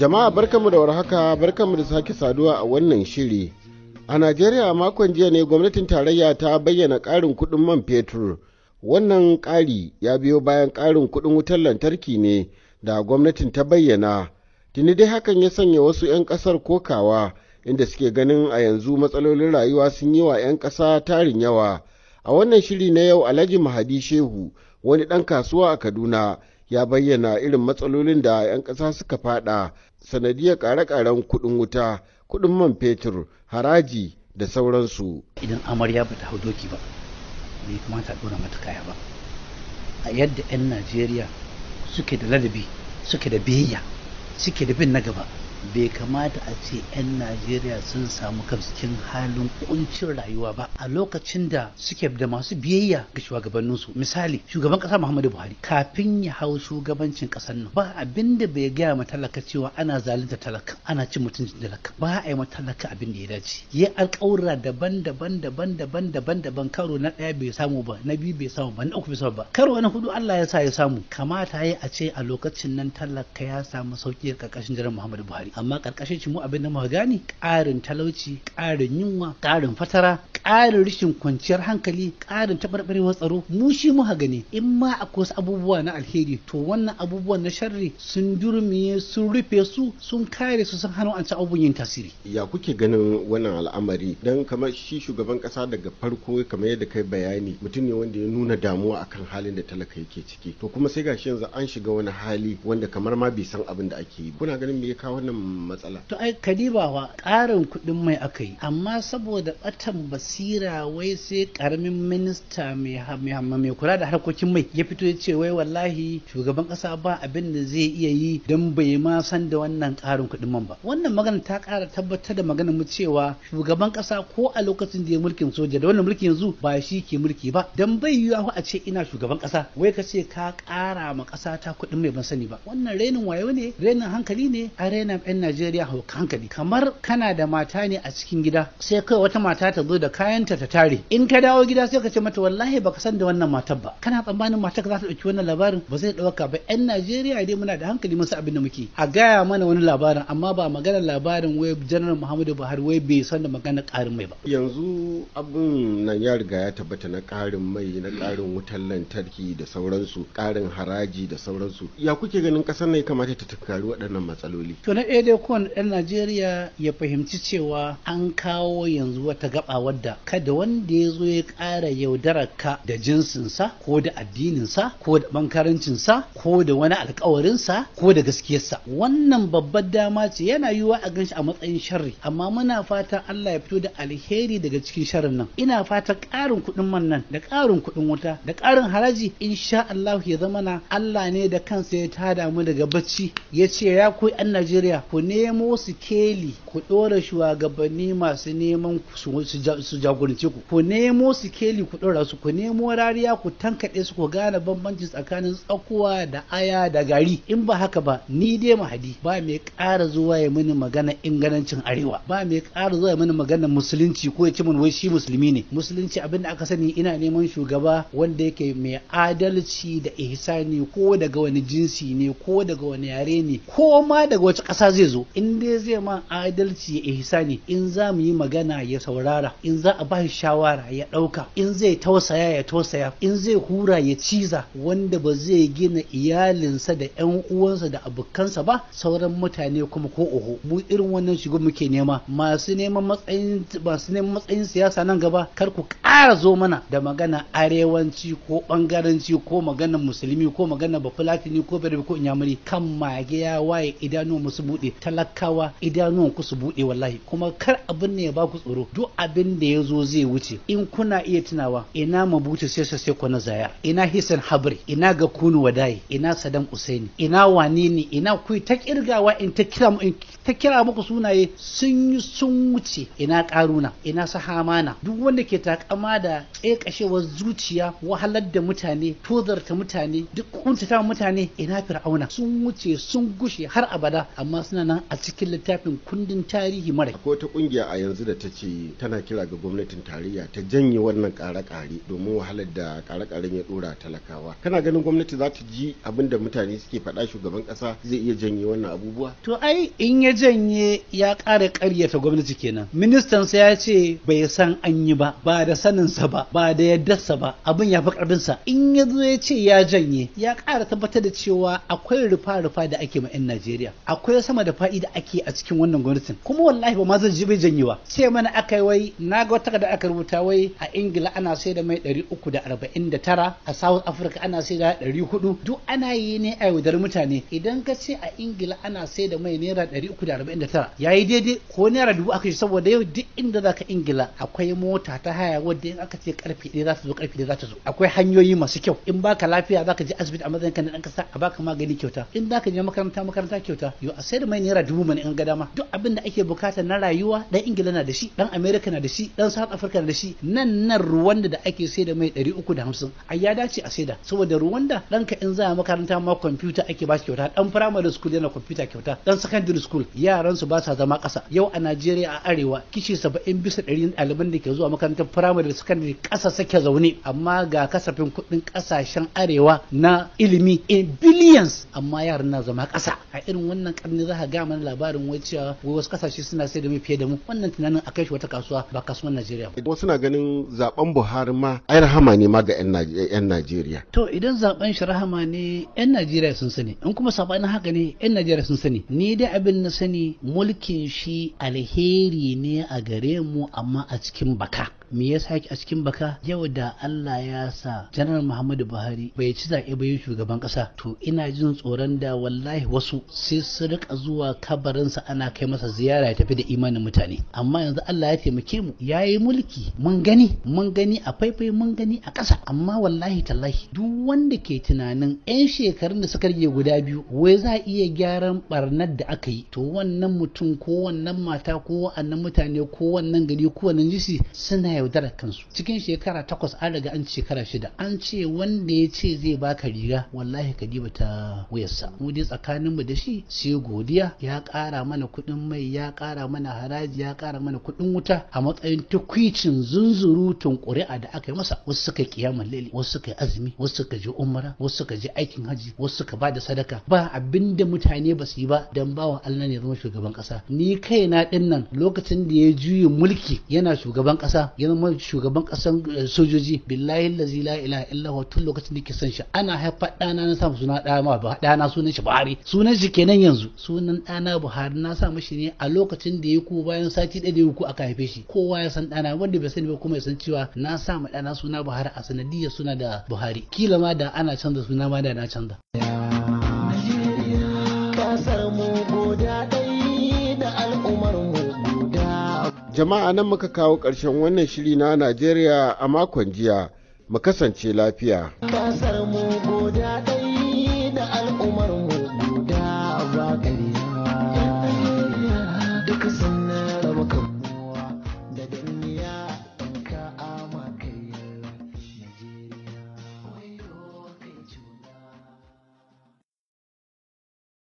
Jama'a barkanmu da warhaka barkanmu da sake saduwa a wannan shiri. A Najeriya makon jiya ne gwamnatin tarayya ta bayyana ƙarin kuɗin man fetur. Wannan ƙari ya biyo bayan ƙarin kuɗin wutar lantarki ne da gwamnatin ta bayyana. Tuni dai hakan ya sanya wasu 'yan ƙasar kokawa inda suke ganin a yanzu matsalolin rayuwa sun yi wa 'yan ƙasa tarin yawa. A wannan shiri na yau Alhaji Mahadi Shehu wani ɗan kasuwa a Kaduna ya bayyana irin matsalolin da 'yan ƙasa suka fada sanadiyar ƙare-ƙaren kuɗin wuta kuɗin man fetur haraji da sauransu idan amarya ba ta hau doki ba bai kamata a ɗora mata kaya ba a yadda 'yan najeriya suke da ladabi suke da biyayya suke da bin na gaba bai kamata a ce 'yan najeriya sun samu kansu halin kuncin rayuwa ba a lokacin da suke da masu biyayya ga shugabanninsu misali shugaban kasa Muhammadu Buhari kafin ya hau shugabancin kasar nan ba abin bai gaya ma talaka cewa ana zalunta talaka ana cin mutuncin talaka ba a yi ma talaka abin da ya dace ya alƙawura daban-daban daban-daban daban-daban karo na ɗaya bai samu ba na biyu bai samu ba na uku bai samu ba karo na hudu Allah ya sa ya samu kamata ya a ce a lokacin nan talaka ya samu sauki a ƙarƙashin jiran Muhammadu Buhari amma ƙarƙashin mu abin da muka gani ƙarin talauci ƙarin yunwa ƙarin fatara ƙarin rashin kwanciyar hankali ƙarin taɓarɓarewar tsaro mu shi muka gani in ma akwai wasu abubuwa na alheri to wannan abubuwan na sharri sun durmiye sun rufe su sun kare su sun hana wancan abubuwan yin tasiri ya kuke ganin wannan al'amari dan kamar shi shugaban ƙasa daga farko kamar yadda kai bayani mutum ne wanda ya nuna damuwa akan halin da talaka yake ciki to kuma sai gashi yanzu an shiga wani hali wanda kamar ma bai san abin da ake yi kuna ganin me ya kawo wannan matsala to ai kadibawa ƙarin kuɗin mai aka yi amma saboda batan ba basira wai sai karamin minista mai kula da harkokin mai ya fito ya ce wai wallahi shugaban kasa ba abin da zai iya yi don bai ma san da wannan karin kuɗin man ba wannan magana ta ƙara tabbatar da maganar mu cewa shugaban kasa ko a lokacin da ya mulkin soja da wannan mulkin yanzu ba shi ke mulki ba don bai yiwa a ce ina shugaban kasa wai ka ce ka ƙara ma kasa ta kuɗin mai ban sani ba wannan renin wayo ne renin hankali ne a renin 'yan Najeriya hankali kamar kana da mata ne a cikin gida sai kai wata mata ta zo da Kayan ta tare in ka dawo gida sai ka ce mata wallahi baka san da wannan matar ba kana tsammanin matar za ta dauki wannan labarin ba zai dauka ba yan Najeriya dai muna da hankali mun abin da muke a gaya mana wani labarin amma ba maganar labarin wai General Muhammadu Buhari wai bai san da maganar karin mai ba yanzu abin nan ya riga ya tabbata na karin mai na karin wutar lantarki da sauransu karin haraji da sauransu ya kuke ganin kasar ne kamata ta tunkari waɗannan matsaloli to na ɗaya dai kowane ɗan Najeriya ya fahimci cewa an kawo yanzu wata gaba wadda da kada wanda ya zo ya ƙara yaudararka da jinsinsa ko da addininsa ko da bankarancinsa ko da wani alkawarinsa ko da gaskiyarsa wannan babbar dama ce yana yiwuwa a ganshi a matsayin sharri amma muna fatan Allah ya fito da alheri daga cikin sharrin nan ina fatan ƙarin kuɗin man nan da ƙarin kuɗin wuta da ƙarin haraji insha Allah ya zama na Allah ne da kansa ya tada mu daga bacci ya ce ya koyi 'yan Najeriya ku nemo su keli ku ɗora shugabanni masu neman su jagorance ku ku nemo sikeli ku ɗora su ku nemo rariya ku tankaɗe su ku gane bambanci tsakanin tsakuwa da aya da gari in ba haka ba ni dai mahadi ba mai ƙara zuwa ya mini magana ingancin arewa ba mai ƙara zuwa ya mini magana musulunci ko ya ci min wai shi musulmi ne musulunci abin da aka sani ina neman shugaba wanda yake mai adalci da ihsani ko daga wani jinsi ne ko daga wani yare ne ko ma daga wace ƙasa zai zo in dai zai ma adalci ya ihsani in za mu yi magana ya saurara in za za a bashi shawara ya ɗauka in zai tausaya ya tausaya in zai hura ya ciza wanda ba zai gina iyalinsa da 'yan uwansa da abokansa ba sauran mutane kuma ko oho mu irin wannan shigo muke nema masu neman matsayin masu neman matsayin siyasa nan gaba kar ku ƙara zo mana da magana arewanci ko bangaranci ko magana musulmi ko magana bafulatini ko berbe ko inyamuri kan mage ya waye idanuwan musu bude. buɗe talakawa idanuwan ku su buɗe wallahi kuma kar abin ne ya ba ku tsoro duk abin da ya yazo zai wuce in kuna iya tunawa ina mabuta sai sa sai na zaya ina hisan habri ina ga kunu wadai ina sadam usaini ina wanene? ina ku ta kirgawa in ta kira in ta kira muku sunaye sun yi sun wuce ina karuna ina sahamana duk wanda ke takama da tsekashewar zuciya wahalar da mutane tozarta mutane duk kuntata mutane ina fir'auna sun wuce sun gushe har abada amma suna nan a cikin littafin kundin tarihi mara ko ta kungiya a yanzu da ta ce tana kira ga gwamnatin tarayya ta janye wannan kare-kare domin wahalar da kare-karen ya dora talakawa kana ganin gwamnati za ta ji abin da mutane suke faɗa shugaban ƙasa zai iya janye wannan abubuwa to ai in ya janye ya ƙara ƙaryata gwamnati kenan ministan sa ya ce bai san an yi ba ba da sanin sa ba ba da sa ba abin ya fi sa in ya zo ya ce ya janye ya ƙara tabbatar da cewa akwai rufa-rufa da ake ma 'yan Najeriya akwai sama da faɗi da ake a cikin wannan gwamnatin kuma wallahi ba ma zan ji bai janyewa ce mana aka yi wai na ga wata da aka rubuta wai a ingila ana sai da mai 349 a south africa ana sai da 400 duk ana yi ne a yaudar mutane idan ka ce a ingila ana sai da mai naira 349 yayi daidai ko naira dubu aka shi saboda yau duk inda zaka ingila akwai mota ta haya wadda in aka ce karfe ɗaya za ta zo karfe ɗaya za ta zo akwai hanyoyi masu kyau in baka lafiya zaka je asibiti a matsayin ka na ɗan kasa a baka magani kyauta in zaka je makaranta makaranta kyauta yo a sai da mai naira dubu mana in ga dama duk abin da ake bukata na rayuwa dan ingila na da shi dan america na da shi dan south africa da shi nan nan ruwanda da ake sai da mai 350 ai ya dace a saida saboda ruwan da dan in za a makaranta ma kwamfuta ake ba shi kyauta dan primary school yana kwamfuta kyauta dan secondary school yaran su ba sa zama kasa yau a najeriya a arewa kishi 70 bisa 100 daliban da ke zuwa makarantar primary da secondary ƙasa sake zaune amma ga kasafin kuɗin kasashen arewa na ilimi in billions amma yaran na zama kasa a irin wannan ƙarni za ka ga mana labarin wai cewa wasu kasashe suna sai da mai fiye da mu wannan tunanin a shi wata kasuwa ba kasuwa kasar Najeriya. Wasu na ganin zaben Buhari ma ai rahama ne ma ga 'yan Najeriya. To idan zaben shi rahama ne 'yan Najeriya sun sani in kuma sabanin haka ne 'yan Najeriya sun sani. Ni dai abin na sani mulkin shi alheri ne a gare mu amma a cikin baka. me yasa yake a cikin baka yau da Allah ya sa janar Muhammadu Buhari bai ci zaɓe ba shugaban ƙasa to ina jin tsoron da wallahi wasu sai su rika zuwa kabarinsa ana kai masa ziyara ya tafi da imanin mutane amma yanzu Allah ya taimake mu ya yi mulki mun gani mun gani a faifai mun gani a ƙasa amma wallahi tallahi duk wanda ke tunanin 'yan shekarun da suka rage guda biyu wai za a iya gyaran barnar da aka yi to wannan mutum ko wannan mata ko wannan mutane ko wannan gari ko wannan jisi suna yaudarar kansu cikin shekara takwas an riga an shekara shida an ce wanda ya ce zai baka riga wallahi ka diba ta wuyarsa mu dai tsakanin mu da shi sai godiya ya kara mana kuɗin mai ya kara mana haraji ya kara mana kuɗin wuta a matsayin tukwicin zunzurutun ƙuri'a da aka yi masa wasu suka kiyama lele wasu suka yi azumi wasu suka je umara wasu suka je aikin haji wasu suka ba da sadaka ba abin da mutane ba su yi ba dan bawan Allah ne zama shugaban ƙasa ni kaina ɗin nan lokacin da ya juyin mulki yana shugaban ƙasa yana zama shugaban kasan eh, sojoji billahi lazi la ilaha illa huwa tun lokacin da ke san shi ana haifa ɗana na samu suna ɗana ma ɗana sunan shi Buhari sunan shi kenan yanzu sunan ɗana Buhari na sa mashi ne a lokacin da ya ku bayan sati ɗaya da ya ku aka haife shi kowa ya san ɗana wanda bai sani ba kuma ya san cewa na sa ma ɗana suna Buhari a sanadiyar suna da Buhari kila ma da ana canza suna ma da na canza. jama'a nan muka kawo ƙarshen wannan shiri na najeriya a makon jiya mu kasance lafiya.